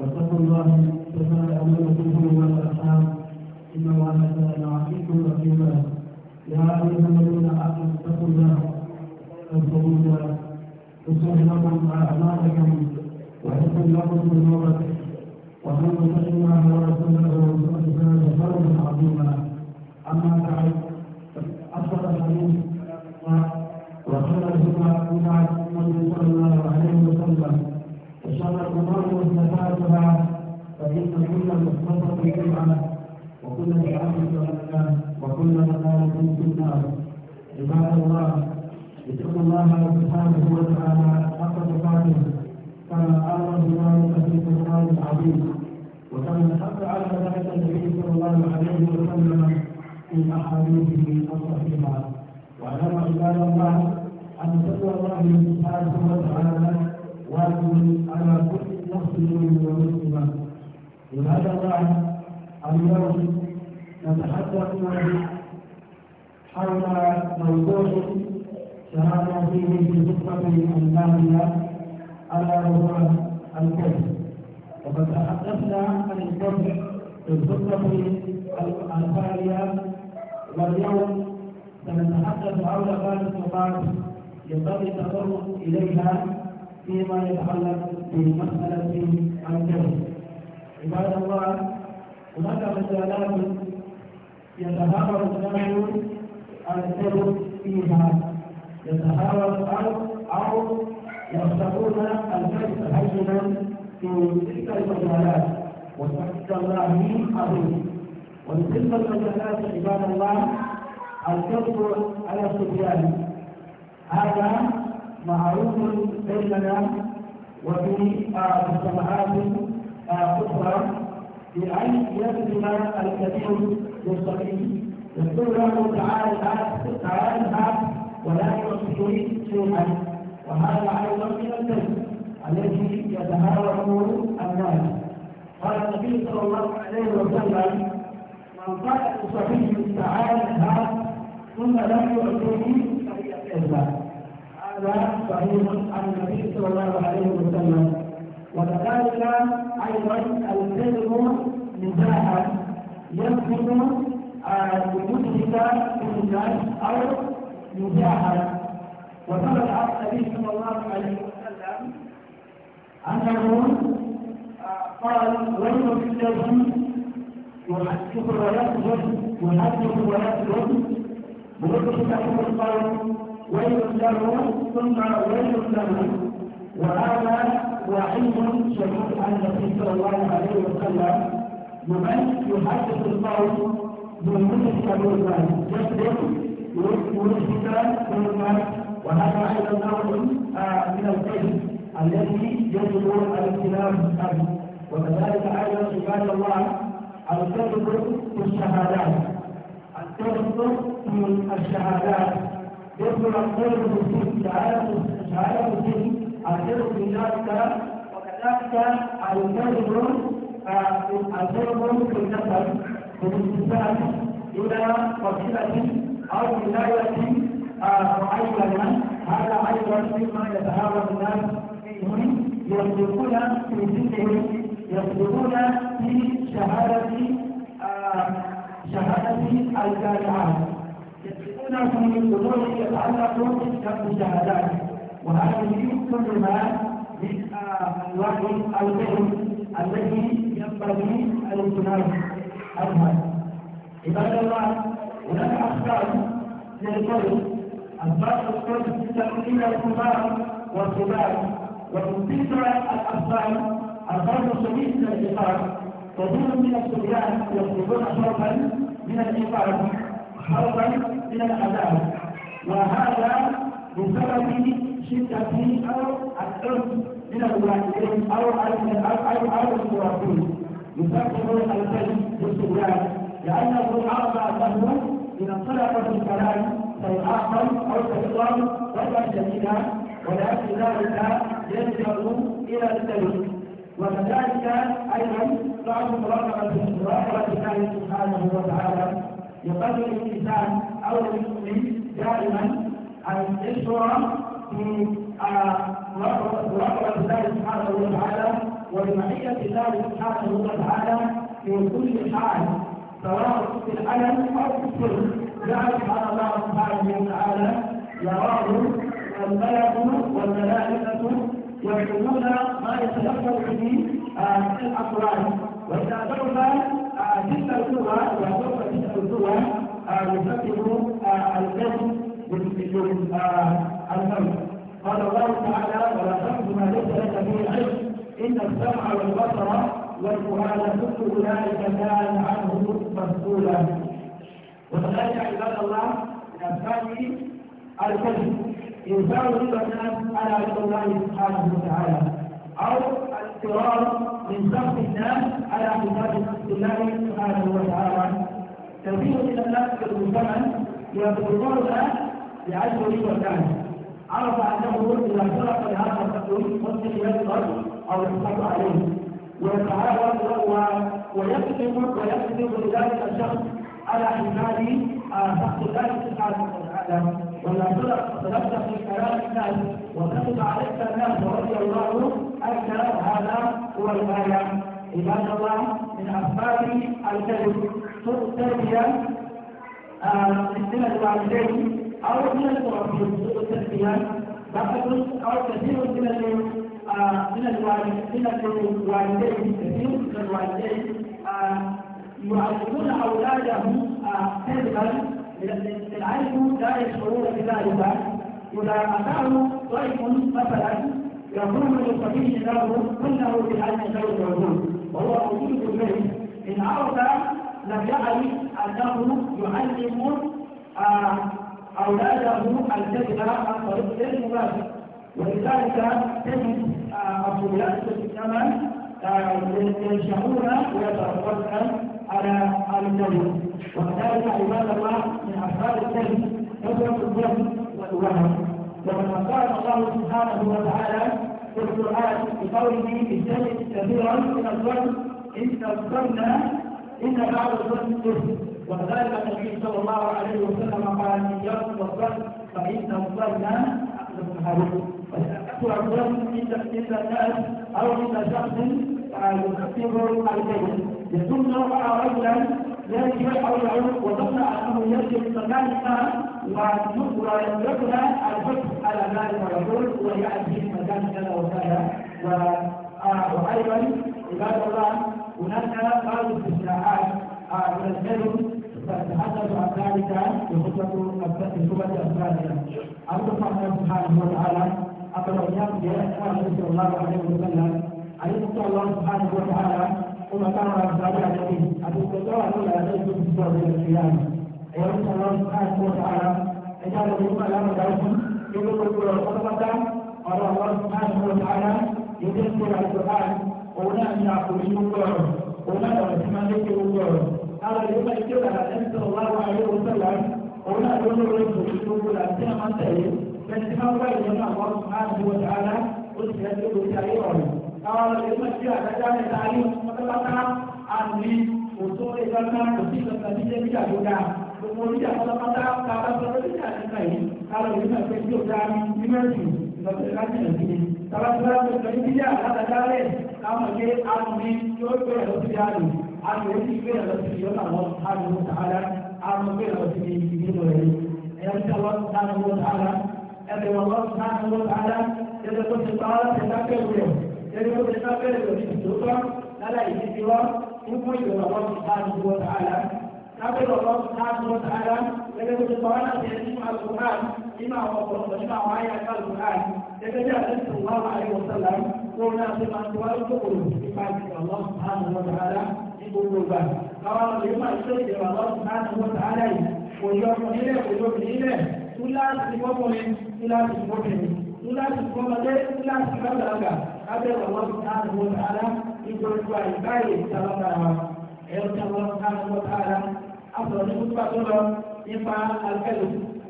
واتقوا الله تساءلون به والارحام ان الله كان عليكم رقيبا يا ايها الذين امنوا اتقوا الله واذكروا الله يصلح لكم اعمالكم ويغفر لكم ذنوبكم ومن يطع الله ورسوله فقد فاز فوزا عظيما اما بعد اصدق الحديث وخير الهدى هدى محمد صلى الله عليه وسلم وشر الامور فإن كل مختصة بدعة وكل في ضلالة وكل ضلالة في النار عباد الله اتقوا الله سبحانه وتعالى حق تقاته كما أمر بذلك في القرآن العظيم وكما حق على ذلك النبي صلى الله عليه وسلم في أحاديثه الصحيحة وعلم عباد الله أن تقوى الله سبحانه وتعالى واجب على كل مسلم ومسلمة لهذا الله اليوم نتحدث حول موضوع شهادة فيه في الخطبة الماضية ألا وهو الكذب وقد تحدثنا عن الكذب في الخطبة الخالية واليوم سنتحدث حول ثلاث نقاط ينبغي التطرق إليها فيما يتعلق بمسألة الكذب عباد الله هناك مسالات يتهاور الناس السبب فيها يتهاور او او يختارون الكذب حسنا في تلك المجالات وتحت الله عظيم ومن تلك المجالات عباد الله الكذب على الصبيان هذا معروف بيننا وفي مجتمعات أخرى بأن يسلم الكثير للصغير يقول له تعال هات تعال هات ولا يعطيه شيئا وهذا أيضا من الكذب الذي يتهاوره الناس قال النبي صلى الله عليه وسلم من قال لصحيح تعال هات ثم لم يعطيه فهي كذبة هذا صحيح عن النبي صلى الله عليه وسلم وكذلك أيضا الكلم نزاعا يمكن آه، وجودك في الناس أو نزاعا وثبت عن النبي صلى الله عليه وسلم أنه آه، قال ويل للذي يحدث ويكذب يحدث ويكذب ويكذب له القول ويل له ثم ويل له وهذا وعلم شديد عن النبي صلى الله عليه وسلم بمن يحدث من بمثل ابو يصدق ويثبت المال وهذا ايضا نوع آه، من الكذب الذي يجب الاختلاف به وكذلك ايضا عباد الله الكذب في الشهادات الكذب في الشهادات يدخل القول في شهاده الدين الضرب بذلك وكذلك الضرب آه، الضرب في النسب بالانتساب إلى فصيلة أو ولاية آه، معينة هذا أيضا مما يتهاون الناس فيهم يصدقون في ذكرهم يصدقون في شهادة آه، شهادة الجامعات يصدقون في أمور يتعلق بالشهادات وهذه كل ما من أنواع آه، الفهم الذي ينبغي الاجتناب عنها عباد الله هناك أخطاء للقلب أسباب القلب تقليل الكبار والكبار وتكثر الأسباب أسباب من الانتقام كثير من الصبيان يطلبون حربا من الانتقام حربا من العذاب وهذا بسبب شدة أو العنف من الوالدين أو أو أو المربين يفكر البيت بالسودان لأنه أعطى له من طلبة الكلام سيعاقب أو سيقام ولا جميلا ولكن ذلك يلجأ إلى السلوك وكذلك أيضا بعض مراقبة مراقبة الله سبحانه وتعالى يقدر الإنسان أو المؤمن دائما الإشرة في رغبة آه، الله سبحانه وتعالى وبمعية الله سبحانه وتعالى في كل حال سواء في الألم أو في السر ذلك على الله سبحانه وتعالى يراه والملك والملائكة يعلمون ما يتلفظ به آه، الأقران وإذا ضرب آه، تلك القوة وضرب تلك القوة يسبب الجسم يوم الموت قال الله تعالى ولا تقف ما ليس لك به علم ان السمع والبصر والفؤاد كل اولئك كان عنه مسؤولا وكذلك عباد الله من اسباب الكذب انسان يريد الناس على عبد الله سبحانه وتعالى او الاضطرار من سخط الناس على حساب الله سبحانه وتعالى كثير من الناس في المجتمع يتضرر لأجل وكان عرف أنه إذا شرط لهذا التقويم مسلم يظهر أو يحفظ عليه ويتعاون ويكذب ويكذب لذلك الشخص على حساب شخص ذلك سبحانه وتعالى ولا تلقى في كلام الناس وكتب عليك الناس رضي الله عنك هذا هو الآية عباد الله من أسباب الكذب سوء التربية آه، من سنة الوالدين أو من المربين والتسبيحات بحث أو كثير من آه، من الوالدين كثير من الوالدين آه، يعلمون أولادهم كذبا آه، العلم لا يشعرون بذلك إذا أتاه ضيف مثلا يقوم للصبي له كله العلم غير موجود وهو موجود به إن عرف لم يعرف أنه يعلم أولاده التبع عن طريق غير مباشر ولذلك تجد آه، الطلاب في الزمن آه، ينشأون ويتربصن على النبي، وكذلك عباد الله من أفراد الكذب كثرة الجهل والوهم ومن قال الله سبحانه وتعالى في القرآن بقوله اجتنب كثيرا من الظن إن الظن إن بعض الظن إثم وكذلك النبي صلى الله عليه وسلم قال يرد الظن فإن الظن يظهر فكثر الظن عند الناس أو عند شخص يكثر الكذب يظن رأى رجلا يجب أو يعود وظن أنه يجب مكانها ويدركنا الحكم على ذلك ويقول ويأتي في مكان كذا وكذا وأيضا عباد الله هناك بعض الاستثناءات آه، من الكذب فيتحدث عن ذلك في الخطبة الثانية أما الله سبحانه وتعالى أقرأ إياكم بأسماء صلى الله عليه وسلم أن يذكر الله سبحانه وتعالى وما كان رسالة عليه أن يتجاوز إلى ذلك في سورة القيامة ويسأل الله سبحانه وتعالى إذا لم يكن لهم دعوهم يذكروا الخطبة قال الله سبحانه وتعالى يذكر القرآن ولا أن يعقلوا ولا أن يسمعوا lára ìlúpa ìdí òkàlà ẹni sọ̀rọ̀ wá wà ayé owó sọ̀rọ̀ àmì òun náà ló lóore ìbò tí ó wúlò àti àwọn tẹ̀lé bẹ́ẹ̀ tí máa wá ìyọnu àwọn àti wọ́n ti ara ó ti rẹ̀ tó lórí ayé ọ̀rọ̀. àwọn ọ̀rọ̀ ìlúpa ìdí àdájá rẹ̀ ta ayé pátápátá àmì òtó ìgbàgbá kò sí ìgbàgbá ní ilé ìjà tó dáa gbogbo oníjà pátápátá ká bá sọ lórí ìjà nípa yìí lára ìlúpa ìdí òkàlà ní mẹ́rin ìgbàgbá ní Kalau sudah terjadi tidak ada dalil, kamu jadi alumni, jodoh yang tidak ada. àmì ẹni ìgbé ẹ̀rọ ti yọ náà wọ́n sáré wọn sàárá àmì ìgbé ẹ̀rọ ti yí wọn rẹ̀ ẹ̀rọ ti wọ́n sáré wọn sàárá ẹ̀rọ wọn wọ́n sáré wọn sàárá ẹ̀rọ tó ti pa ọ́ ẹ̀dá kẹ́rù rẹ̀ ẹ̀rọ tó ti pa kẹ́rù rẹ̀ ti tó tọ́ lálẹ́ ìdí ti wọ́n fún ìgbé wọn sáré wọn sàárá nínú àwọn ọ̀pọ̀lọpọ̀ nínú àwọn ayé àkàlù káàdì gẹ́gẹ́ bí àtẹ́sí ìwọ́n àyè wọ́sálà wọn náà ti máa ń tó wáyé kòkòrò nípa ìgbà lọ́sùn náà lọ́wọ́ dáadáa ní gbogbo ìgbà káwọn ọ̀rẹ́ máa ń tó ìgbà lọ́sùn náà lọ́wọ́ dáadáa yìí kò yọ ọkùnrin nílẹ̀ kò yọ obìnrin nílẹ̀ túláàsì ti fọ́kùnrin túláàsì ti fọ́kùnrin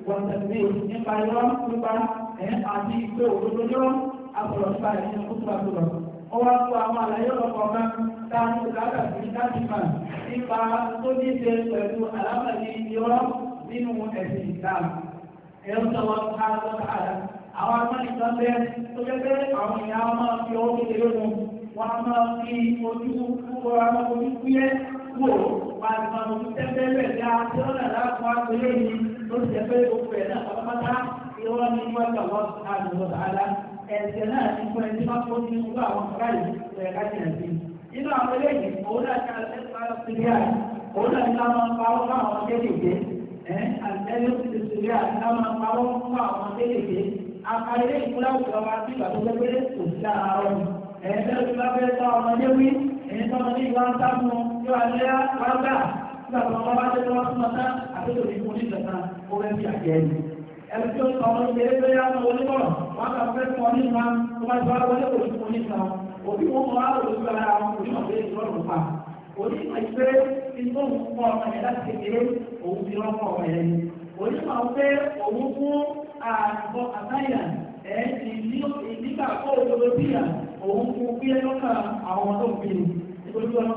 wọ̀tẹ̀lẹ̀ nípa ẹ̀rọ nípa ẹ̀ àti ìgbé òdodo yóò àbọ̀rọ̀ nípa ẹ̀ nínú kútu àbọ̀rọ̀. ó wá fún àwọn àlàyé ọ̀pọ̀ kan tá a ní bùkátà sí láti mà nípa tó ní ṣe pẹ̀lú àlámàlì ìrọ́ nínú ẹ̀sìn Islam. ẹ̀rọ sọ̀rọ̀ káàkó káàdà àwọn amáyí kan bẹ́ẹ̀ tó jẹ́ pé àwọn èèyàn á máa fi ọwọ́ kékeré mu wọ́n á máa àwọn ojú kúyẹ́ ló ti ẹgbẹ́ gbogbo ẹ̀ náà pátápátá ìrọ́ ní wákà wọ́n àdúgbò àlá ẹ̀sẹ̀ náà ti fún ẹni máa fún ní gbogbo àwọn ọ̀gá yìí rẹ̀ láti rẹ̀ sí. nínú àwọn eléyìí òun náà ti àṣẹ ìpàdé síríà òun náà ti láwọn pawọ́ fún àwọn kéékèèké àtẹ́lẹ́ ti síríà ti láwọn pawọ́ fún àwọn kéékèèké àkàlẹ́ ìkúlẹ̀ òkúta wa ti gbà tó gbé kò sí nígbà tó wọn bá jẹ́ tó wọ́n súnmọ́ tán àtúntò ní fún onígbàtàn ó fẹ́ fi àjẹ́ ẹni. ẹni tí ó sọ ọmọ ìyẹn pé yá sọ onímọ̀ràn wọn kà fẹ́ fún ọ ní ìmọ̀ tó bá ti wá wọlé kò ní fún onígbàtàn òbí wọn mọ àwọn olùgbà ara wọn kò ní ọ̀gbẹ́ ìrọ̀rùn pa onímọ̀ ìfẹ́ inú òun fún ọmọ yẹn láti kékeré òun fi rán fún ọmọ yẹn onímọ̀ pé òun fún àbọ̀ àtàyà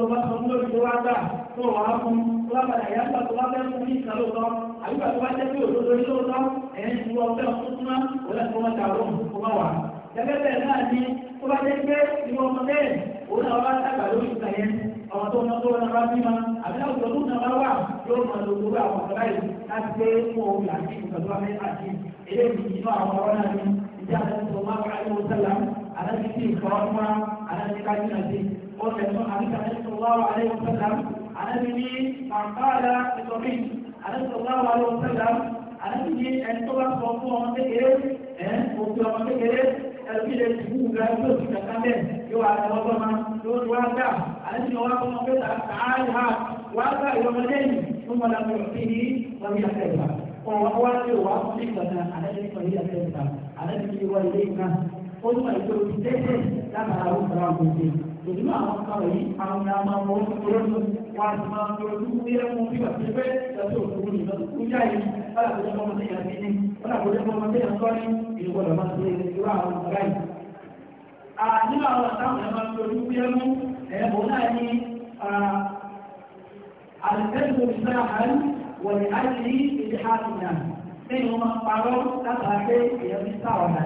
ọmọ ọmọ tó tó wà á fún tó bá padà yá nígbà tó bá fẹ́ fún ní ìkan lóòótọ́ àbígbà tó bá jẹ́ pé òdodo ní lóòótọ́ ẹ̀yìn tí wọ́n fẹ́ fún súnmọ́ òun ẹ̀kọ́ máa dàrú kó má wà. gẹ́gẹ́ bẹ́ẹ̀ náà ni tó bá jẹ́ pé ìwọ ọmọ bẹ́ẹ̀ òun náà wá dàgbà lórí ìkan yẹn ọmọ tó ná tó náà bá bí ma àbí láwùjọ tó náà bá wà yóò máa lo gbogbo àwọn ọ̀gá yìí láti pé fún òun àti ìgbàgbọ́ abẹ́ àti eléyìí nínú àwọn ọ̀rọ̀ náà ni ìdí àtẹ̀sọ̀ máa wà ní ọ̀sẹ̀lá àti ti ìfọwọ́fọ́ra àti kájú náà ti ọ̀sẹ̀ tó àti àtẹ̀sọ̀ wà wà ní ọ̀sẹ̀lá ànábi ní màkàlá ìtọ́bí ànábi sọ̀rọ̀ àwọn àlọ́ sẹ́lá ànábi ní ẹni tó bá sọ fún ọmọ kékeré ẹ̀ òkú ọmọ kékeré ẹbí lè tìbú ga yóò ti kàkà bẹ́ẹ̀ yóò wá lọ bọ́ ma yóò wá gbà ànábi ní wá fún ọmọ pé tààrí ha wá gbà ìrọmọdé yìí fún wọn làwọn òfin ní wọn bí àtẹ̀wá ọ̀rọ̀ wá sí òwá fún ní ìgbàgbà ànábi ní wọn bí àtẹ̀wá ànábi ní wọn ilé ìgbà ó ní wọn ìgbà òfin tẹ́tẹ́ lábàá àwọn ọ̀rọ̀ àwọn òfin òdùnú àwọn ọ̀rọ̀ yìí àwọn ọ̀rọ̀ àwọn ọ̀rọ̀ wọ́n máa ń lọ sí ilé ẹ̀kọ́ bí wà sí pé ìdájọ́ òkúrú nìkan tó yá yìí wọ́n àkójọ ọmọ sí ìyàtí ní wọ́n àkójọ ọmọ sí ìyàtí wọ́n ní ìlú gbọ́dọ̀ máa ṣe irú àwọn ọ̀gá yìí. àdínú àwọn àtàwọn ẹ̀ máa ń lọ sí ilé ẹ̀kọ́ ẹ̀bùn náà ní àlùfẹ́sọ̀ ìsára àárín wọ̀ ní àìsí ìdíhàtì náà lẹ́yìn wọn máa parọ́ látàrí èèyàn ní sáwà náà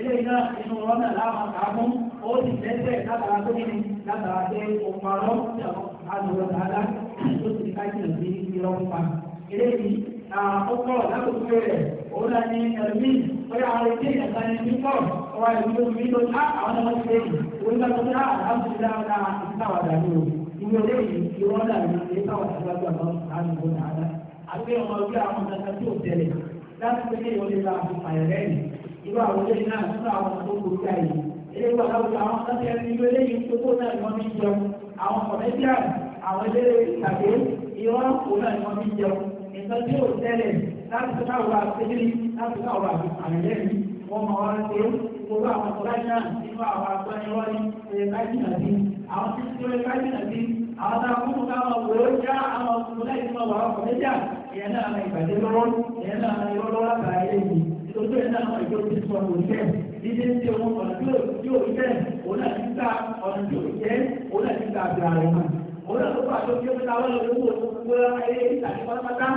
ilé iná inú rọ́nà láwọn àmú ó sì lẹ́sẹ̀ látara tó ní látara pé òparọ́ àlùwọ̀ dáadáa tó sì ká jù sí irọ́ pa. ilé yìí ó kọ̀ lákòókò rẹ̀ òun náà ní ẹ̀mí bóyá àwọn ilé ìyàtọ̀ ní pípọ̀ ọwọ́ ẹ̀mí omi ló ká àwọn ọmọ ṣe òun náà tó dá àlàáfíà dáadáa ìtàwàdà ní o ìwé lẹ́yìn ìrọ́lá ìtàwàdà lágbàdo àwọn àlùwọ̀ dáadáa àti ọmọ ọgbẹ́ àwọn ọ̀dàkà tí ò tẹ̀lé láti pé ní ìwọlé bá a fi pààyàn lẹ́yìn irú àwọn ilé náà nínú àwọn ọmọ tó kù ká yìí eléyìí wà láwùjọ àwọn sọ́ọ̀tì ẹni irú eléyìí tó kó náà ni wọ́n fi ń jẹun àwọn kọ̀mẹ́tíàn àwọn eléré tàbí irọ́ kó náà ni wọ́n fi ń jẹun nǹkan tí ò tẹ́lẹ̀ láti tó káwọ́ àtẹ́lẹ̀ láti káwọ́ àtẹ́lẹ̀ wọ́n máa wá ṣe gbogbo àwọn ọ̀gáyìn náà nínú àwọn agbọ́nirọ́ ní ẹ̀yẹ kájìnà sí àwọn tí ó ń kájìnà sí àwọn tá a kún fún káwọn wò ó já àwọn ọmọ ọmọ láì fún ọmọ ọmọ ìyẹn náà ìbàjẹ́ lọ́wọ́ ìyẹn náà ìrọ́lọ́wọ́ àtàrà ilé yìí ti sọ kò jẹ́ dídé ń ṣe wọn ọ̀nà tí yóò jẹ́ òun náà ti ta ọ̀nà tí jẹ́ òun náà ti ta àgbà rẹ̀ mọ́. òun náà ló bá aṣọ tí ó fi táwọn lọ lówó gbogbo ayé ìtàgé pátápátá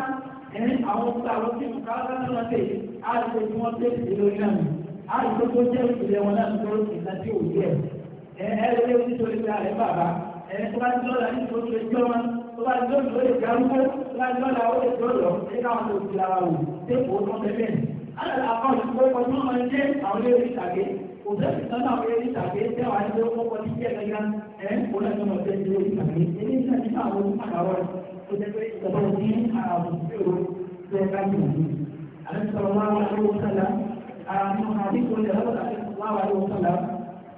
ẹni àwọn ọmọ àwọn tí mo ká lọ́nà tẹ̀ á lè tó tí wọ́n tẹ̀ sí lórí náà mi lè tó tó jẹ́ ìpìlẹ̀ wọn náà tó ìlà tí ò jẹ́ ẹ alẹ́ àkọ́ọ̀lù pé ọdún máa ń jẹ́ àwọn ilé orí ìtàgé kò sẹ́sì kan náà ilé orí ìtàgé tẹ́ wàá nílé owó kọ́ títí ẹ̀gbẹ́gbẹ́ ẹ̀ ń kó lẹ́nu ọ̀sẹ̀ ilé orí ìtàgé ilé iṣẹ́ nípa àwọn onímọ̀ àkàrọ̀ tó jẹ́ pé ìjọba ní àwọn òṣèlú tó ẹ̀ka jù ní. àlẹ́ sọ̀rọ̀ wá wá lé owó sálá àwọn àdínkù ilẹ̀ lọ́wọ́ wá wá lé owó sálá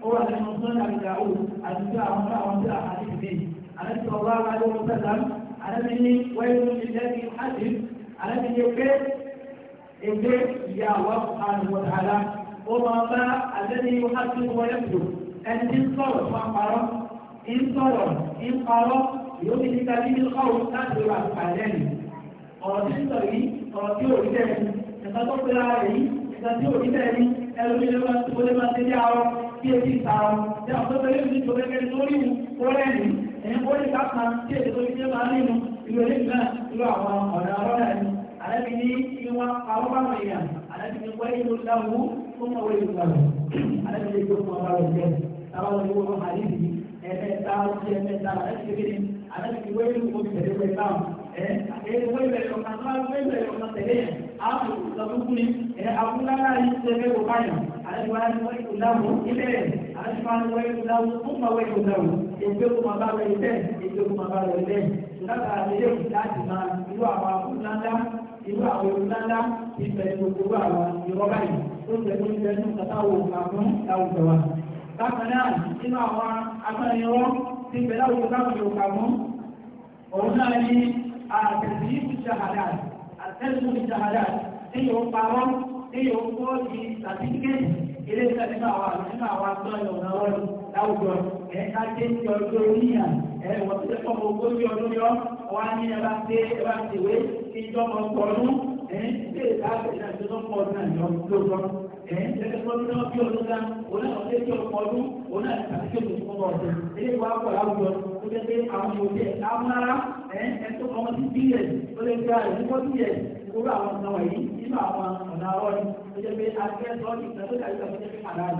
ó wà lẹ́nu sọ́nà àgbà ó àti tí àwọn tí àwọn tí àwọn àti ìdí àlẹ́ sọ̀rọ̀ wá ilé ìyá wa àwọn àlá ó máa bá àlẹ́ni wá sí wọlé kù ẹni tí ń sọ̀rọ̀ fún apárọ́ ń sọ̀rọ̀ ń parọ́ yóò fi níta bí káwọn láti ra àlẹ́ni ọ̀rọ̀ tí ń sọ yìí ọ̀rọ̀ tí ò rí bẹ́ẹ̀ ni ẹ̀ka tó pera rẹ̀ yìí ẹ̀ka tí ò rí bẹ́ẹ̀ ni ẹlòmí ló máa tó lé máa ṣe ní arọ kí etí ta ọ tí àwọn tó fẹ́rẹ́ ní ìṣòro ẹgbẹ́ tó rí mu ó rẹ́ni ẹ̀yìn ó lè ká kan tí èdè tó fi dé máa rí mu ìrọ̀lẹ́ ìgbà ìlú àwọn ọ̀rẹ́ arọ́ rẹ̀ ni àlẹ́bí ni? ìwọ̀n àwọn bá wọn èèyàn àlẹ́bí ní wọ́n ìlú láwù fún ọwọ́ ìlú láwù àlẹ́bí ní ìjọ fún ọba wọn jẹ táwọn ọmọ ìwọ̀n wọn àlẹ́ ìdí ẹ̀ẹ́mẹ́ta ọtí ẹ̀ẹ́mẹ́ta àlẹ́bí ní àlẹ́bí ní wọ́n ìlú omi tẹ̀lé wọ́n ìlú ẹ̀ ẹ̀ wọ́n ìbẹ̀rẹ̀ ọ̀nà tó wọ́n ìbẹ̀rẹ̀ ọ̀nà tẹ̀lé yẹn àwọn olùsọ̀tún kúni ẹ̀ abúlára yìí ṣe fẹ́ kó báyìí àlẹ́bí wọn ni wọ́n ìlú láwù ilé àlẹ́bí wọn ni wọ́n ìlú láwù fún ọwọ́ ìlú láwù èdè kó máa bá wọ ilé èdè kó máa bá wọ ilé ìlànà àlejò láti máa irú àwọn abúlára irú àwọn olùdáńdá ti bẹ̀rẹ̀ gbogbo àwọn ìrọ́bà yìí tó bẹ̀rẹ̀ tó ń bẹ̀rẹ̀ tó kàtà wò àfún àwùjọ wa. bákan náà nínú àwọn akọ́nayẹwọ́ ti bẹ̀rẹ̀ àwùjọ káwọn yóò kà mọ́ òun náà ní àtẹ̀sí ìṣàhàdà àtẹ̀sí ìṣàhàdà tí yóò parọ́ tí yóò kọ́ di sàtífíkẹ́tì ilé iṣẹ́ nínú àwọn àlùfáà wa ẹ̀wọ̀n tó lè fọ́ gbogbo ní ọdún yọ wá ní ẹbá dé ẹbá tèwé kí ìjọ mọ pọ̀lú ẹ̀yìn tí èdè àgbẹ̀ náà tó tó pọ̀ náà yọ lóòótọ́ ẹ̀yìn tẹ́tẹ́ pọ̀lú náà bí ọdún náà òun náà lè jọ pọ̀lú òun náà tàbí tó tó pọ̀ ọ̀dẹ̀ ilé wa pọ̀ láwùjọ tó jẹ́ pé àwọn òde amúnára ẹ̀yìn ẹ̀tọ́ ọmọ ti bí ẹ̀ ó lè gba ẹ̀ nípọ̀ bí ẹ̀ gbogbo àwọn ọ̀nà wọ̀nyí nínú àwọn ọ̀nà ọ̀rọ̀ ni tó jẹ́ pé akẹ́kọ̀ọ́ ìgbàlódé àyíká tó jẹ́ pé àdáyé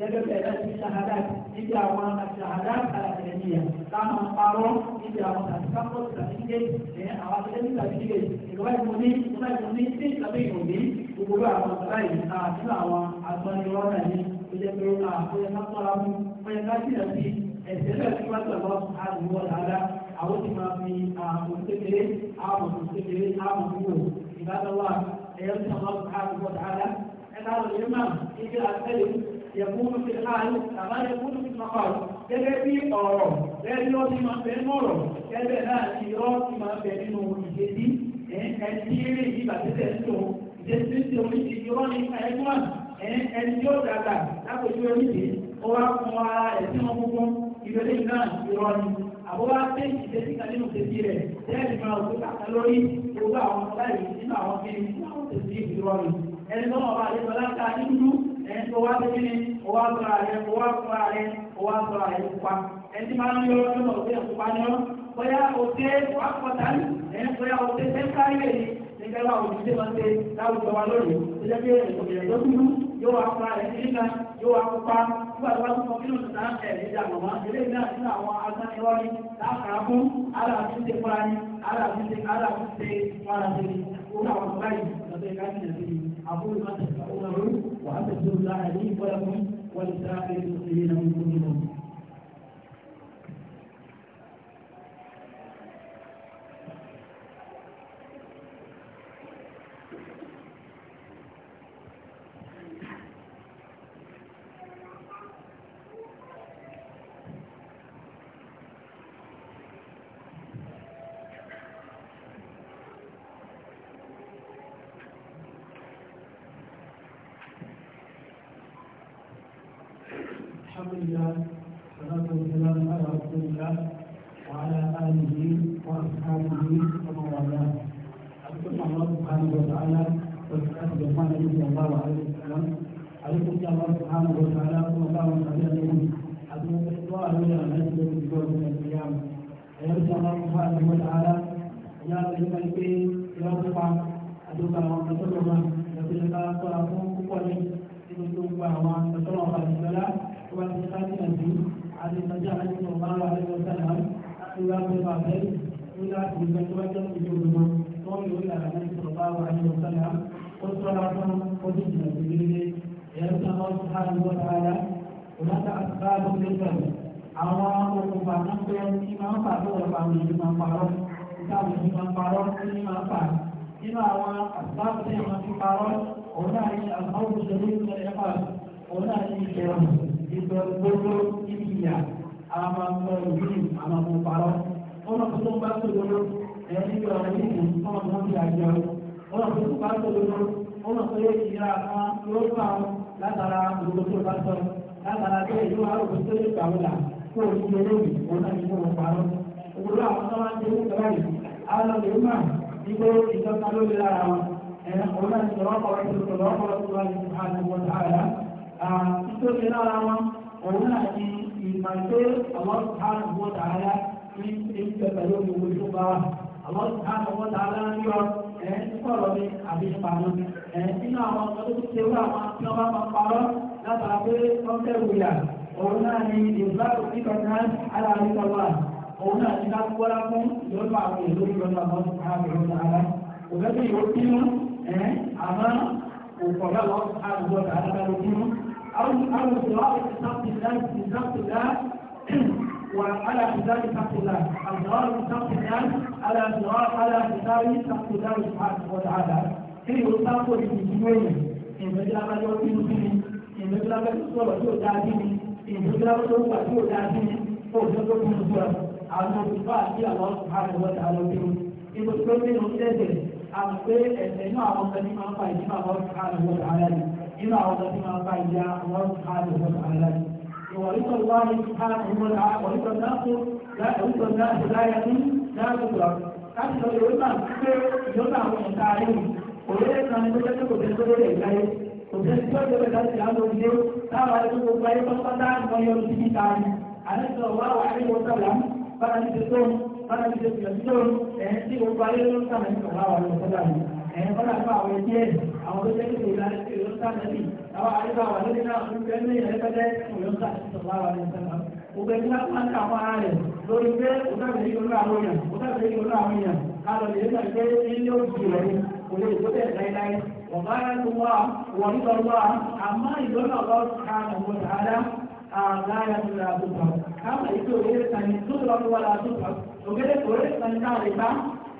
gẹ́gẹ́ bẹ́ẹ̀ náà ti ṣahadá níbi àwọn ṣahadá àlàyé táwọn parọ́ níbi àwọn àtìkápọ̀ ìtàkìlẹ̀ ẹ̀ àwọn akẹ́kẹ́ ìtàkìlẹ̀ ìjọba ìmúni ìjọba ìmúni sí ìtàkìlẹ̀ ìròbí gbogbo àwọn ọ̀gá yìí àti àwọn agbọ́nirọ́ náà ní ìjẹ́ pé àkóyẹ ká tọ́ra mú fẹ́yẹ ká jìnà sí ẹ̀sẹ̀ náà tí wọ́n tọ̀lọ́ àdúgbò dáadáa àwọn ti máa fi àmọ̀ kékeré àmọ̀ kékeré àmọ̀ wúwo ìbátan wà ẹ̀yọ́ tí wọ́n tọ̀lọ́ àdúgbò dáadáa ẹ̀ يكون في الحال كما يكون في المقال gẹ́gẹ́ bí ọ̀rọ̀ lẹ́yìn ọtí máa fẹ́ mọ̀rọ̀ gẹ́gẹ́ náà ti yọ ọtí máa fẹ́ nínú ìdèdí ẹni tí eré yìí bàtẹ́tẹ̀ ń tó ìdèdí tí omi ti di wọ́n ní ẹgbọ́n ẹni tí ó dàgbà lápòjú orí ti ó wá fún ara rẹ̀ tí wọ́n gbogbo ìrọ̀lẹ́ náà irọ́ ni àbúrò àti ìdèdí kan nínú tètè rẹ̀ lẹ́yìn máa wò kàkà lórí gbogbo àwọn ọ̀la yìí nínú àwọn kiri nínú àwọn tètè ìrọ̀ ni ẹni tó wọ́n bá ẹni tó wá sí ní ọwá sọ́ra rẹ̀ ọwá sọ́ra rẹ̀ ọwá sọ́ra rẹ̀ pupa ẹni tí máa ń yọ ọdún náà ọdún ẹ̀kú pani ọ́ bóyá òde wà pọ̀tà ní ẹni bóyá òde sẹ́ńkárì lè ní nígbà wà òde tí wọ́n ṣe láwùjọ wa lónìí tó jẹ́ pé ìpìlẹ̀ tó dúdú yóò wá sọ́ra rẹ̀ nígbà yóò wá pupa nígbà tó wá tó kọ́kí lòdì náà ẹ̀ nígbà mọ̀mọ́ ilé náà nínú àwọn agbániwọ́ ni láàkàrà fún aláàfíìsẹ̀ fúra ni aláàfíìsẹ̀ aláàfíìsẹ̀ fúra ni òun àwọn ọ̀gá yìí lọ́sẹ̀ ká وأستغفر الله لي ولكم ولسائر المسلمين من كل ذنب وأصحابه ومن والاه أذكر الله سبحانه وتعالى والصلاة والسلام على صلى الله عليه وسلم عليكم يا الله سبحانه وتعالى وبارك عليكم أدعو الله إلى المسجد في يوم القيامة أيرجى الله سبحانه وتعالى يا أيها الكريم يا رفع أدعوك الله تسلما يقول لك أقرأكم كفرين ìgbésógbó àwọn akẹ́kọ̀ọ́ ọba ìgbẹ́lá tó bá ti ká ní ẹ̀dín àti ìtajà àti ìtọ̀gbọ́n àwọn àlejò sẹ́lẹ̀ àti ìwé àgbẹ̀fà bẹ́ẹ̀. ولا تزوجوا وجوههم قولوا إلى النبي صلى الله عليه وسلم قل صلاتهم وجدنا بجنه يرسل الله سبحانه وتعالى هناك أسباب للفرد àwọn okùnfà náà pé kí máa ń fà tó wọ̀ fà òyìnbó máa ń parọ́ ìtàwọn òyìnbó máa ń parọ́ kí máa ń fà nínú àwọn àtúbáwò tí wọ́n ti parọ́ òun náà ní àwọn òṣèlú ìṣẹ̀lẹ̀ ẹ̀fà òun náà ní ìṣẹ̀rù ìgbẹ̀rù ọ̀nà tó tó bá tó lọ́nà ẹ̀yìn ìgbà wọn ní ìlú ọ̀nà tó ti àjọ ọ̀nà tó tó bá tó lọ́nà ọ̀nà tó yẹ kí ara kan yóò fà wọn látara gbogbo tó bá sọ látara tó yẹ yóò arúgbó tó yẹ gbà wọn là kó o ti lé mi ọ̀nà ìlú wọn parọ́ òwúrọ̀ àwọn tó máa ń tẹ́wọ́ tẹ́wọ́ yìí àwọn lè má igbó ìjọba lórí lára wọn ẹ̀yìn ìjọba ìjọba ìjọba ìjọba ìjọba ìjọba ní ìgbẹ́gbẹ́ lórí owó tó bá àwọn ìdáhùn wọn dáa láńdí wa ẹ̀ ń sọ̀rọ̀ ní àbí ìpamọ́ ẹ̀ nínú àwọn ọmọdé tó ṣe wá àwọn tí wọ́n bá máa parọ́ látara pé wọ́n fẹ́ wùyà òun náà ni ìgbà òkìkọ̀ náà aláàbíkọ̀ wà òun náà ni ká gbọ́ra fún ìlọ́lọ́ àwọn èlò ìlọ́lọ́ àwọn àwọn àwọn àwọn وعلى حذار تقوى الله الضرار تقوى الله على ضرار على حذار تقوى الله سبحانه وتعالى kí ni o sá kó ìdíjú èèyàn ìmọ̀jìlábá yóò bí ní kíni ìmọ̀jìlábá yóò sọ̀rọ̀ tí ò dáa bí ní ìmọ̀jìlábá yóò wà tí ò dáa bí ní kó o tó tó kún un sọ̀rọ̀ àwọn olùkọ́ àti àwọn ọ̀sán àwọn ọ̀sán àwọn ọ̀sán ibo tí ó ní o tẹ̀sẹ̀ àwọn pé ẹ̀sẹ̀ inú àwọn ọ̀sán ní máa ń fa ìdí máa ń fa ìdí máa ń fa ìdí ورث الله سبحانه وتعالى ورث الناس لا ورث الناس لا يمين لا يدرك láti lọ yóò náà pé yóò náà wọ ẹ̀ka ayé mi òye ẹ̀ka ni tó jẹ́ kó tẹ̀lé tó lè ga yé òjò tí ó lè ga sí àwọn òjò táwọn ayé tó gbogbo ti tó bára ní ti tó ẹ̀ ń tí gbogbo ayé ló ń sábà ní sọ̀rọ̀ àwọn ẹ̀yìn kọ́lá fún àwọn ẹgbẹ́ àwọn tó tẹ́lẹ̀ ìlú àti ìlú sàmẹ́lì àwọn àríwá wà lórí náà ń bẹ́ẹ̀ ní ẹ̀ẹ́dẹ́gbẹ́ ìlú sàmẹ́lì ògbẹ́ ní láti máa ń kà rẹ̀ lórí pé òtàbí ìlú àwọn èèyàn òtàbí ìlú àwọn èèyàn kálọ̀ lè nígbà ilé òjì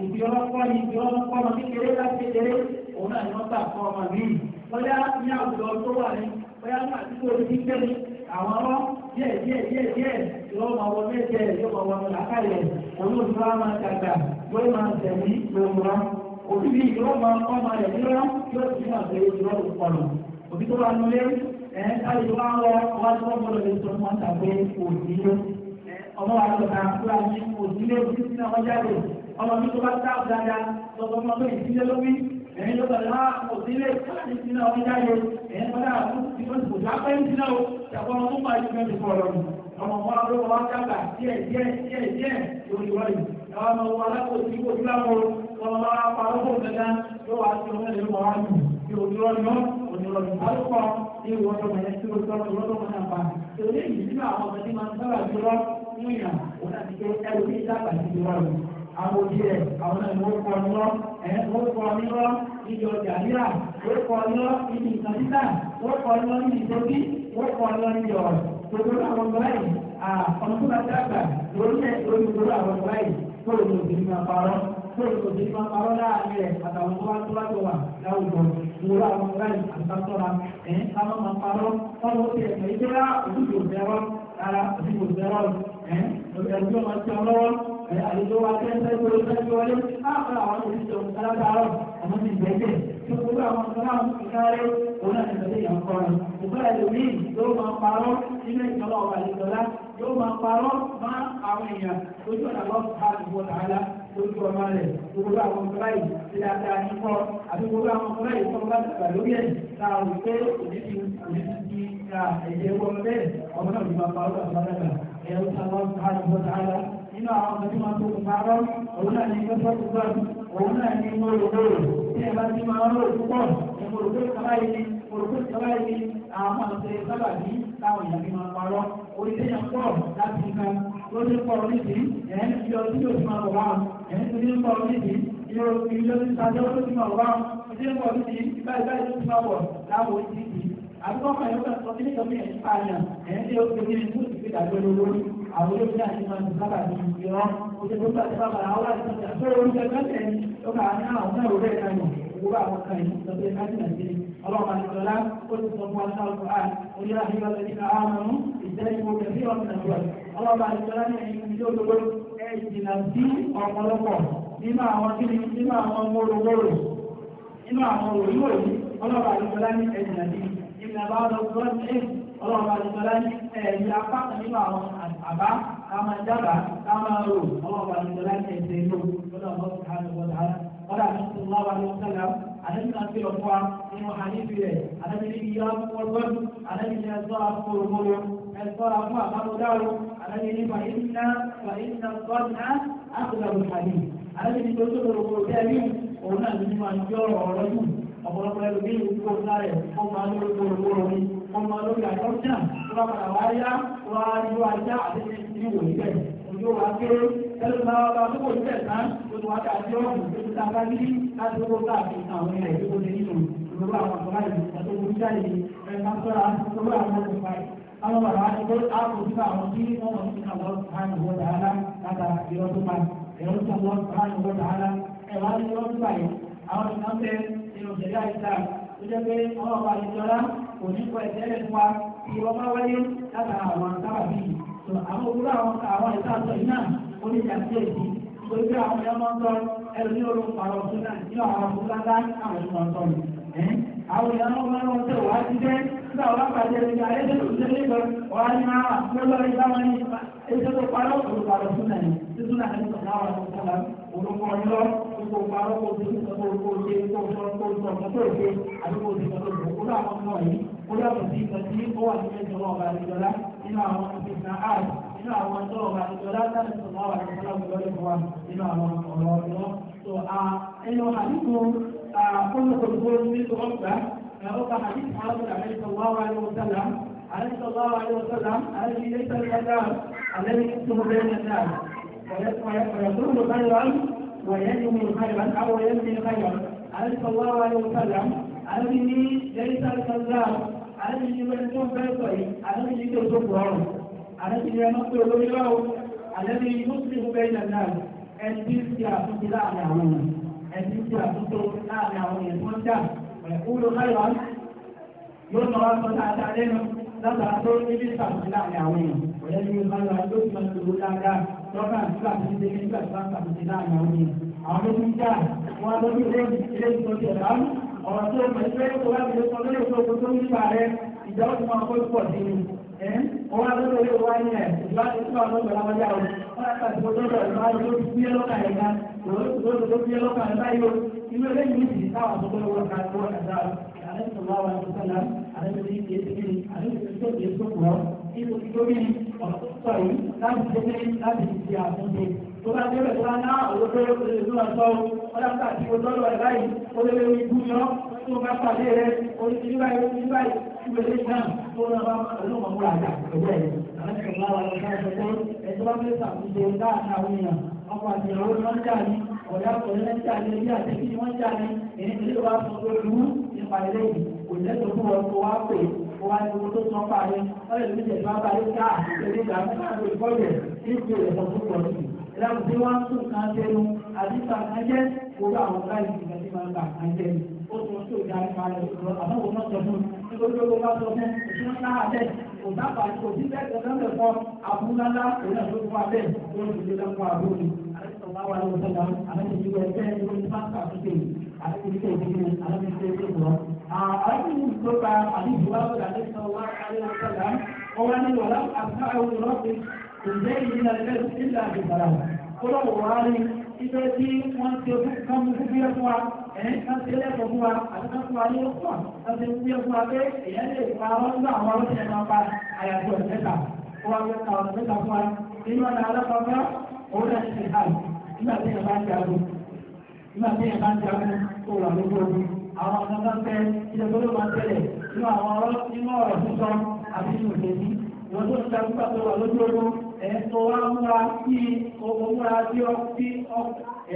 ìfi ọlọ́pọ̀ ni ìfi ọlọ́pọ̀ ọmọ kékeré láti kékeré òun náà ni wọ́n gbà fún ọmọ mi. bóyá ní àwùjọ tó wà ní bóyá ní àdúgbò ti tẹ́ mi àwọn ọmọ díẹ̀ díẹ̀ díẹ̀ díẹ̀ yóò máa wọ mẹ́tẹ̀ yóò máa wọ làkàlẹ̀ òun ò fún wa máa dàgbà yóò máa tẹ̀lé lọ́wọ́ òbí mi yóò máa kọ́ máa rẹ̀ nílọ́ yóò sì máa bẹ̀rẹ̀ ìjọ ọ̀nà òbí tó wà nílé ẹ̀ káyọ̀ wá wọ wá tí wọ́n lè sọ fún wọn tàbí òbí ọmọ wa lọ́ta fúlàní òbí lé sínú ọmọ jáde ọmọ mi tó bá dá ọ̀dáadáa lọ́sọ ọmọ mi lómi ẹ̀yìn lọ́sọ̀ láà kò sílé láti sí náà jáde ẹ̀yìn padà fún ìfọ́sìkò lápẹ́ ń sí náà ṣàkọ́ ọmọ tó pa ìlú mẹ́rin fún ọlọ́run ọmọ wọn ló wá dàgbà díẹ̀ díẹ̀ díẹ̀ díẹ̀ lórí wọ́ọ̀lì àwọn ọmọ wọn alákòóso ojú láwọn ọmọ wọn apárọ̀ fún ìgbẹ́ta yóò wá sí ọmọ ìlú wọn wá jù kí ojú ọlọ́ ìrọ̀lù alùpọ̀ ní ìwọ́dọ̀ tí ó sọ́rọ̀ lọ́dọ̀ wọn náà bá. yìí nínú àwọn ọmọdé máa ń sábà jùlọ fún ìyàn òun àti pé ẹrù ní ìdàgbàsí jùlọ àwòdì rẹ̀ àwọn náà wọ́n kọ́ nílọ́ ẹ̀ wọ́n kọ́ nílọ́ níbi ọjà rírà wọ́n kọ́ nílọ́ níbi ìtàn títà wọ́n kọ́ nílọ́ níbi ìtòkí wọ́n kọ́ nílọ́ níbi ọ̀rọ̀ gbogbo àwọn ọmọ báyìí ọmọ tó bá dàgbà lórí ẹ̀ lórí gbogbo àwọn ọmọ báyìí tó lè lòdì nípa parọ́ tó lè lòdì nípa parọ́ láàárín rẹ̀ àtàwọn tó bá tó bá tó wà láwùjọ gbogbo àwọn ọmọ báyìí àtàtọ́ra ẹ̀ káwọn máa parọ́ tọ́lọ́ ti ẹ̀sẹ̀ ìdíra òdìbò fẹ́rọ́ rárá òdìbò fẹ́rọ́ ẹ̀ ẹ̀rọ àlejò wa tẹ́ tẹ́ tó tẹ́ tó wọlé káàkiri àwọn oníṣẹ́ òun alágbàárọ̀ àwọn ti gbẹ́jẹ̀ tó gbogbo àwọn ọ̀sán ìkárẹ́ òun náà tẹ̀lé ìyàn kọrin ìgbẹ́ ẹlòmíì yóò máa parọ́ nínú ìjọba ọ̀rọ̀ àlejòlá yóò máa parọ́ má àwọn èèyàn lójú ọ̀nà lọ́sùn àdúgbò tààlà lójú ọmọ rẹ̀ gbogbo àwọn ọ̀sán yìí ti dáadáa ní kọ́ àbí gbogbo àwọn ọ̀sán yìí kọ́ bá tàgbà lórí ẹ̀ ta òun pé òní ti òní ti di ẹ̀yẹ wọ́n bẹ́ẹ̀ ọmọ náà ti máa parọ́ àbúrò ẹ̀rọ sàlọ́ àìbọ̀ tààlà nínú àwọn ọmọdé máa tó kùn pàrọ̀ òun náà ní gbọ́dọ̀ gbọ́dọ̀ òun náà ní mọ̀lòdòrò tí ẹ bá ti máa ń lò púpọ̀ ní mọ̀lòdòrò kaba yìí mọ̀lòdòrò kaba yìí àwọn máa ṣe sábà bí táwọn èèyàn fi máa parọ́ oríṣiríṣi pọ̀ láti kan ló ti pọ̀ níbi ẹ̀ ń fi ọtí yóò ti máa bọ̀ wá ẹ̀ ń fi pọ̀ níbi yóò fi yóò ti sájọ́ tó ti máa bọ̀ wá ọtí yóò pọ̀ níbi báyìí báyìí tó ti máa bọ̀ láwọn oríṣiríṣi àbúkọ́ ìgbàgbé lówó ní àwọn olóògbé náà ti máa ń sábà ní ìran oṣù tó gbà sábà àwọn àti ìgbàgbé lówó ní ẹgbẹ́ tẹ̀ ní lọ́kà àwọn náà àwọn náà rẹ̀ náà yọ̀ owó àwọn kan yìí sọ pé ká nígbà tí ọlọ́pàá ní ọlá ó ti sọ fún wa náà ọkọ̀ àì onílà ní ọlọ́ ní àwọn ìṣẹ́lẹ̀ ìwò kẹfí ọ̀sán ìwọ̀ ọlọ́pàá ní ọlá ní ẹ̀yìn ìjọ olówó ẹ̀ ìjìnà sí ọ̀pọ̀lọpọ̀ nínú àwọn kíni nínú àwọn ọmọ olówó nínú àwọn òyìnbó yìí ọlọ́pàá ní ọlá ní ẹ̀jìnà sí ìlànà àwọn ọ̀dọ́ ọlọ́run bá nìkan láyé ẹ̀mí apá kan nínú àwọn àbá ká máa dábàá ká máa rò ọlọ́run bá nìkan láyé ẹ̀sẹ̀ inú lọ́dọ̀ ọlọ́run ká ló wọ́n dára ọ̀dà mi tó wá wà lóun sẹ́lá àdébí náà ọ̀rọ̀ ọ̀rọ̀ wọ́n máa lórí àjọ́sìn tó bá padà wá yá wá yó ajá àti ní ìwò níbẹ̀ ojú wa pé ẹlú náà bá tó kò ní bẹ̀ tán ojú wa ká jẹ́ ọ̀hún tó ti ta bá ní láti owó tá a fi àwọn ilẹ̀ tó kò ní nínú ìrora àwọn àkọ́lá ìlú àti owó jáde ẹ̀ máa sọ́ra owó àwọn ọkọ̀ báyìí àwọn bàbá wa ti kó àpò nípa àwọn tí wọ́n mọ̀ sí àwọn ọ̀hánì wọ́n dàhálà látara ìrọ́ tó pa ẹ̀rọ tó wọ́n ọ̀hánì wọ́n dàhálà ẹ̀wá ní ìrọ́ tó báyìí àwọn ìtàn bẹ́ẹ̀ nínú ìṣẹ̀lẹ̀ àìsàn tó jẹ́ pé àwọn ọba ìjọra kò ní fún wa ìwọ́n bá wáyé látara àwọn sábàbí tó àwọn òwúrọ̀ àwọn àwọn ìtàkùn yìí náà ó ní àwọn ẹ̀yọ́ máa ẹ̀rù ní olú pàrọ̀ ọ̀tún náà ní àwọn àbúrò ńlá àwọn ìmọ̀ ọ̀tọ̀ mi. àwọn ìyá náà máa ń wọ́n tẹ̀ wá sí jẹ́ nígbà wọn pàdé ẹni ní ayé tó ṣe lébẹ̀ wọ́n á ní máa lọ́lọ́ ìgbà wọn ní ẹsẹ̀ tó parọ́ olú pàrọ̀ ọ̀tún náà títún náà ní sọ̀rọ̀ àwọn ọ̀tọ̀lá olùkọ́ ọ̀yọ́ gbogbo parọ́ kó o ti sọ kó o ṣe kó o sọ kó o sọ kó o ṣe àdúgbò ti sọ kó o ṣe ó yàtọ̀ sí ìtàn tí ó wà nílé ìjọba ọba àdìjọlá nínú àwọn ìgbésà áàd nínú àwọn ìjọba ọba àdìjọlá láti sọ̀rọ̀ àwọn àdìjọlá gbogbo ọdún wa nínú àwọn ọ̀rọ̀ ọ̀rọ̀ tó a ẹnu àdìgbò kólókòlùkò ní ọgbà ọgbà àdìgbò àwọn àdìjọ عليه الله عليه وسلم الذي ليس الكلام الذي يكتب بين الناس ويقول خيرا وينمي خيرا او ينمي خيرا عليه الله عليه وسلم الذي ليس الكلام àlejò ní pẹ́ẹ́ni tó ń fẹ́ sọ yìí àlejò ní tó tó kù ọrùn àlejò ní ẹnu pé olórí lọ́wọ́ àlejò ní mùsùlùmí bẹ́ẹ̀ yàn náà ẹni tí ń ṣe àtúntò láàrin àwọn èèyàn ẹni tí ń ṣe àtúntò láàrin àwọn èèyàn tó ń dà ẹ̀kúrò káyọ̀ yóò nọ wá sọ dáadáa lẹ́nu látara tó níbi ìṣàkóso láàrin àwọn èèyàn ọ̀yẹ́ ní káyọ̀ yóò ti máa ṣòro dáadáa lọ́kà nígbà tí ọ̀rọ̀ tí o mọ̀ ìfẹ́ tó wá ti lè sọ lórí ètò òkú tó ń nípa rẹ ìjà ó ti máa kó pọ̀ sí i. Ọwọ́ àdúgbò yóò wá ní ẹ̀ ìwádìí tí wọ́n lọ́gbọ̀n lábọ́jà o. Wọ́n á kàtí ọjọ́ ìgbà ìgbà yóò ti gbé lọ́kà ẹ̀ ká. Lọ́dọ̀ tó gbé lọ́kà ẹ̀ báyìí o. Inú ilé yìí ti táwọn àdúgbò wọn ká lọ́wọ́ kàdá. Àlẹ́ sọ̀rọ̀ àwọn àdúgbò sọ̀lá. Àlẹ́ sọ̀rọ̀ ìgbé ti ní. Àlẹ́ sọ̀rọ̀ ìgbé tó kù tó bá dé bẹ̀ tó bá ná owó tó ló lè lọ́wọ́ sọ ọ́ ọlọ́pàá àti ìwé lọ́lọ́ ẹ̀ báyìí ó lè lè ibú yọ tó bá pàdé rẹ oríṣiríṣi báyìí oríṣiríṣi báyìí ìgbèlè náà tó lọ́ bá pẹ̀lú ọmọ múra àgbà pẹ̀lú ẹ̀ àwọn ìṣẹ̀lẹ̀ àwọn ọ̀gá ẹ̀ṣẹ̀ ẹ̀ tó bá fẹ́ sàkóso láàárín àwọn èèyàn ọkọ̀ àti ìrànwọ́ ni wọ́n ń jà ní ọ̀dà ọ̀dà ń jà ní ilé àti kí wọ́n ń jà ní ìdáhùn tí wọ́n ń tún kan ṣe nu àbí kàkánjẹ́ gbogbo àwọn báyìí ìgbà tí wọ́n ń kàkánjẹ́ ni ó tún tó ìdá nípa rẹ̀ lọ àmọ́ òun náà sọ fún un nítorí pé wọ́n bá sọ fún un òṣìṣẹ́ náà àbẹ́ òdáfà òsì bẹ́ẹ̀ tẹ̀sán fọ́ àbúlálá òun náà tó fún abẹ́ òun ti lé lọ́kọ̀ àbúrò ni àlẹ́sọ̀láwà ló sọ̀dá àlẹ́sọ̀láwà ẹgbẹ́ ìwé ní pásítà àtúnṣe àlẹ́sọ̀láwà ìdílé àlẹ́sọ̀láwà ìdílé ìwọ̀. àlẹ́sọ̀láwà ìdílé ìwọ̀ àlẹ́sọ̀láwà ìdílé ìwọ̀ ọwọ́ nílò láti àbúrò àwọn ìrọ́pẹ̀ ìjẹ́ ìrìnà ẹgbẹ́ ìlà àgbàlá ọlọ́wọ̀ wá rí ibẹ̀ tí wọ́n ti ojú kan mú fún bíẹ́ fún wa ẹ̀yìn kan ti lẹ́kọ̀ọ́ fún wa àti kan fún wa ní ọkọ̀ kan ti mú bíẹ́ fún wa pé èèyàn lè pa ọdún àwọn ọlọ́sẹ̀ ẹ̀ máa pa àyàtọ̀ mẹ́ta ó wá fẹ́ ka ọ̀rọ̀ mẹ́ta fún wa nínú ọ̀nà alákọ̀ọ́kọ́ òun náà ti fi hàn nígbà tí ẹ̀ bá ń jagun nígbà tí ẹ̀ bá ń jagun tó wà lójú ogun àwọn ọ̀nà kan fẹ́ ilẹ̀ tó ló máa tẹ̀lẹ̀ nínú àwọn ọ̀rọ̀ nínú ọ̀rọ̀ sísọ àti nínú ìṣèlú ìwọ́n tó ń jagun pàtó wà lójú ogun ẹ̀tọ́ wá múra sí ọkọ̀ múra sí ọkí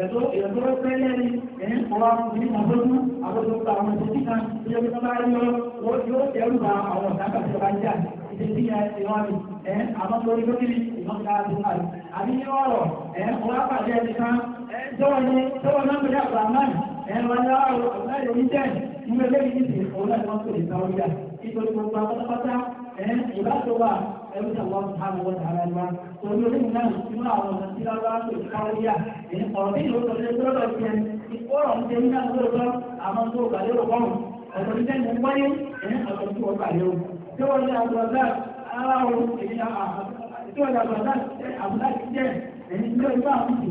ẹ̀tọ́ ìrọ̀tọ́ pẹ́lẹ́ ni ẹ̀yìn kọ̀wá ní ọdọ́dún àbọ̀dọ́gbà àwọn ìṣẹ́jú kan tí ó bá rí lọ wọ́n yóò tẹ́rù bá àwọn ìdáka tí ó bá jà ìṣe sí ìwádìí ẹ̀ àwọn tó rí lókè ní ìmọ̀ta àdúrà àbí ní ọ̀rọ̀ ẹ̀ ọ̀rọ̀ àpàdé ẹni kan ẹ̀ tọ́wọ́ ní tọ́wọ́ náà pẹ̀lú àgbà náà ẹ̀ wọ́n ní ọ̀rọ̀ àgbáyé tó lè ta ọjà ẹ̀rú tí àwọn sùhánù wọ́n tààrà ni wá. Torí olóyìn náà nínú àwọn ọ̀sán tí wọ́n bá ń pè káwíyà ní ọ̀rọ̀ tí ìlú tọ́jú tó lọ sí ẹni ìkọ́rọ̀ ń tẹ nígbà tó lọ àmọ́ tó gbàlẹ́ òkọ́rùn ọ̀sán tí tẹ́lẹ̀ ń wáyé ẹ̀yìn ọ̀sán tí wọ́n gbàlẹ́ o. Tí wọ́n ní àgbàdá ara o èyí tí wọ́n ní àgbàdá àbúdá ti jẹ́ ẹ̀yìn tí wọ́n ní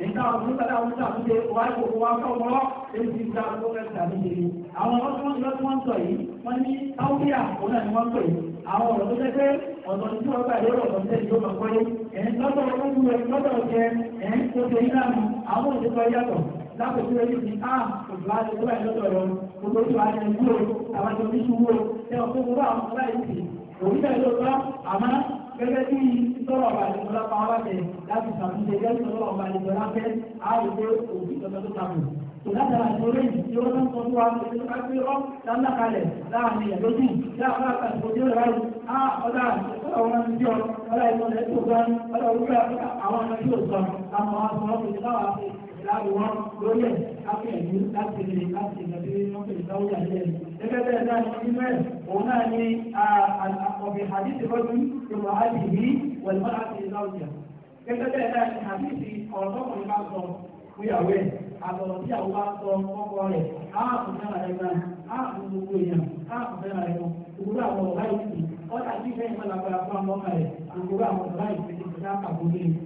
nígbà àwọn ọmọ tí wọ́n ti wọ́n sọ yìí wọ́n ní táwùkìyà òun náà ni wọ́n sọ yìí àwọn ọ̀rọ̀ tó jẹ́ pé ọ̀dọ̀ tí wọ́n gbà lérò ọ̀dọ̀ tẹ́ yóò máa kọ́lé ẹ̀yìn lọ́dọ̀ ọdún rẹ̀ lọ́dọ̀ jẹ ẹ̀yìn tó ṣe yín lánàá àwọn òṣèlú ọyàtọ̀ lápòtí rẹ̀ yìí ní á òṣèlú àti ìwà ìlọ́dọ̀ rẹ̀ gbogbo ìwà àti ìwúrò àwọn àwọn ọ̀rọ̀ yìí tọ́lọ̀ ọba àti ìjọba pa wá bẹ̀rẹ̀ láti ṣàtúnṣe lẹ́yìn tọ́lọ̀ ọba àti ìjọba fẹ́ ààrẹ pé òbí ìjọba tó takò. kò látara ìṣòro yìí tí wọ́n tán tọ́jú wa pẹ̀lú ká gbé ọ́ dáńdá kalẹ̀ láàrin ìyà lójú láàrin àtàkùn tí ó rà yìí á ọ̀dà ọ̀dà wọn ti jọ ọ̀dà ìmọ̀lẹ̀ tó gbá ọ̀dà orúkọ àwọn ọmọ tí ó sọ àwọn ọmọ láàbù wọn lórí ẹ̀ káfí ẹ̀mí láti lè láti lè fi wọ́n fi ìdáwó yà lẹ́yìn. gẹ́gẹ́ bẹ́ẹ̀ náà ní inú ẹ̀ òun náà ní ọ̀bẹ̀ àdìsí lọ́dún yorùbá àti ìbí wẹ̀lúmọ́ láti ìdáwó yà. gẹ́gẹ́ bẹ́ẹ̀ náà ní àdìsí ọ̀rọ̀dọ́kùnrin bá sọ fúyàwó ẹ̀ àbọ̀rọ̀ tí àwọn bá sọ ọkọ rẹ̀ áàpù fẹ́ràn ẹ̀ náà áàpù gbogbo èèyàn áàpù fẹ́ràn ẹ̀ náà òwúrọ̀ àwọn ọ̀rá ìsìn ọ̀tà tí ìfẹ́ ìfẹ́ làgbára fún àwọn ọmọ rẹ̀ òwúrọ̀ àwọn ọ̀rá ìsìn ìfẹ́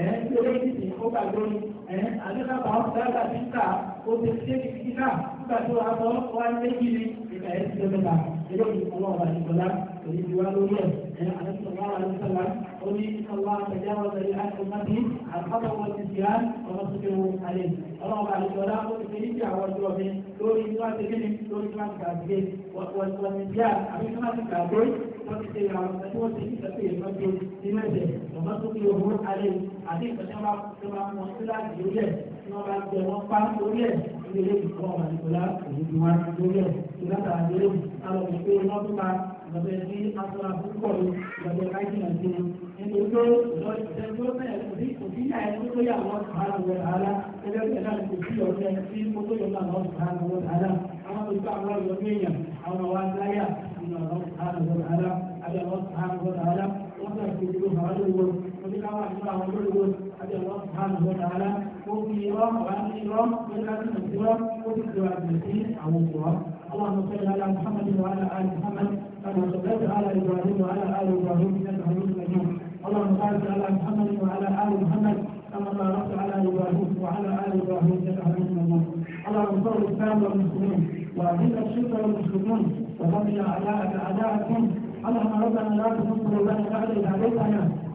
ẹ̀ẹ́n tí ó léyìn sí ó gbà lórí ẹ̀ẹ́n àdéhàbà ọ̀dàgbà tí ń kà ó ti ṣe kíkà nígbà tó wà sọ wá ní méjì ní ìgbà ẹ̀ eléyìí ọlọ́ọ̀bà ìgbọ́lá onídìwá lórí ẹ̀ àdéhùnsọ̀lá àdéhùnsọ̀lá ó ní ìsọ̀lá àtẹ̀jáwọ̀ tẹ̀lé àkọ́mọ́tì àkọ́mọ́wọ́ ti ti án ọmọ tó kéwọ́ alẹ́ ọlọ́ọ̀bà ìgbọ́lá ó ti fi àwọn ọjọ́ mi lórí inú àtẹ̀kẹ́ni lórí inú àtẹ̀kẹ́ wọ́n ti já àbí inú àtẹ̀kẹ́ wọ́n ti ṣe àwọn ọ̀sẹ̀ tí wọ́n ti ń ṣe ìtọ́jú nínú ẹ̀jẹ̀ ọmọ tó kí owó alẹ́ àti ìtọ́jú wọn máa ń wọn sí láti lórí ẹ̀ tí wọ́n bá jẹ wọn pa lórí ẹ̀ ti lè àdìgbòlá òun ti lórí ẹ̀ tó látara lérò pé wọ́n tún ka ìgbàgbẹ́ sí aṣọra púpọ̀ ní ìgbàgbẹ́ káyọ̀ náà sí nítorí pé ìjọ ìṣẹ́jú bẹ́ẹ̀ kò sí kò náà ẹni tó yà wọ́n sàárà wọ̀ sàárà ẹgbẹ́ bẹ́ẹ̀ náà kò sí ọ̀rẹ́ tí mo tó náà wọ́n sàárà wọ̀ sàárà àwọn tó gbà wọ́n yọ méèyàn àwọn ọ̀wá láyà nínú ọ̀rọ̀ sàárà wọ̀ sàárà àbẹ̀ wọ́n sàárà wọ̀ sàárà wọ́n رضي الله سبحانه وتعالى وفي إيران وعن إيران والآن الزواج وفي الزواج المسيح أو الزواج اللهم صل على محمد وعلى آل محمد كما صليت على إبراهيم وعلى آل إبراهيم إنك حميد مجيد اللهم بارك على محمد وعلى آل محمد كما باركت على إبراهيم وعلى آل إبراهيم إنك حميد مجيد اللهم صل الإسلام والمسلمين وأذل الشرك والمشركون ودمر أعداءك أعداءكم اللهم ربنا لا تنصر لنا بعد إذ هديتنا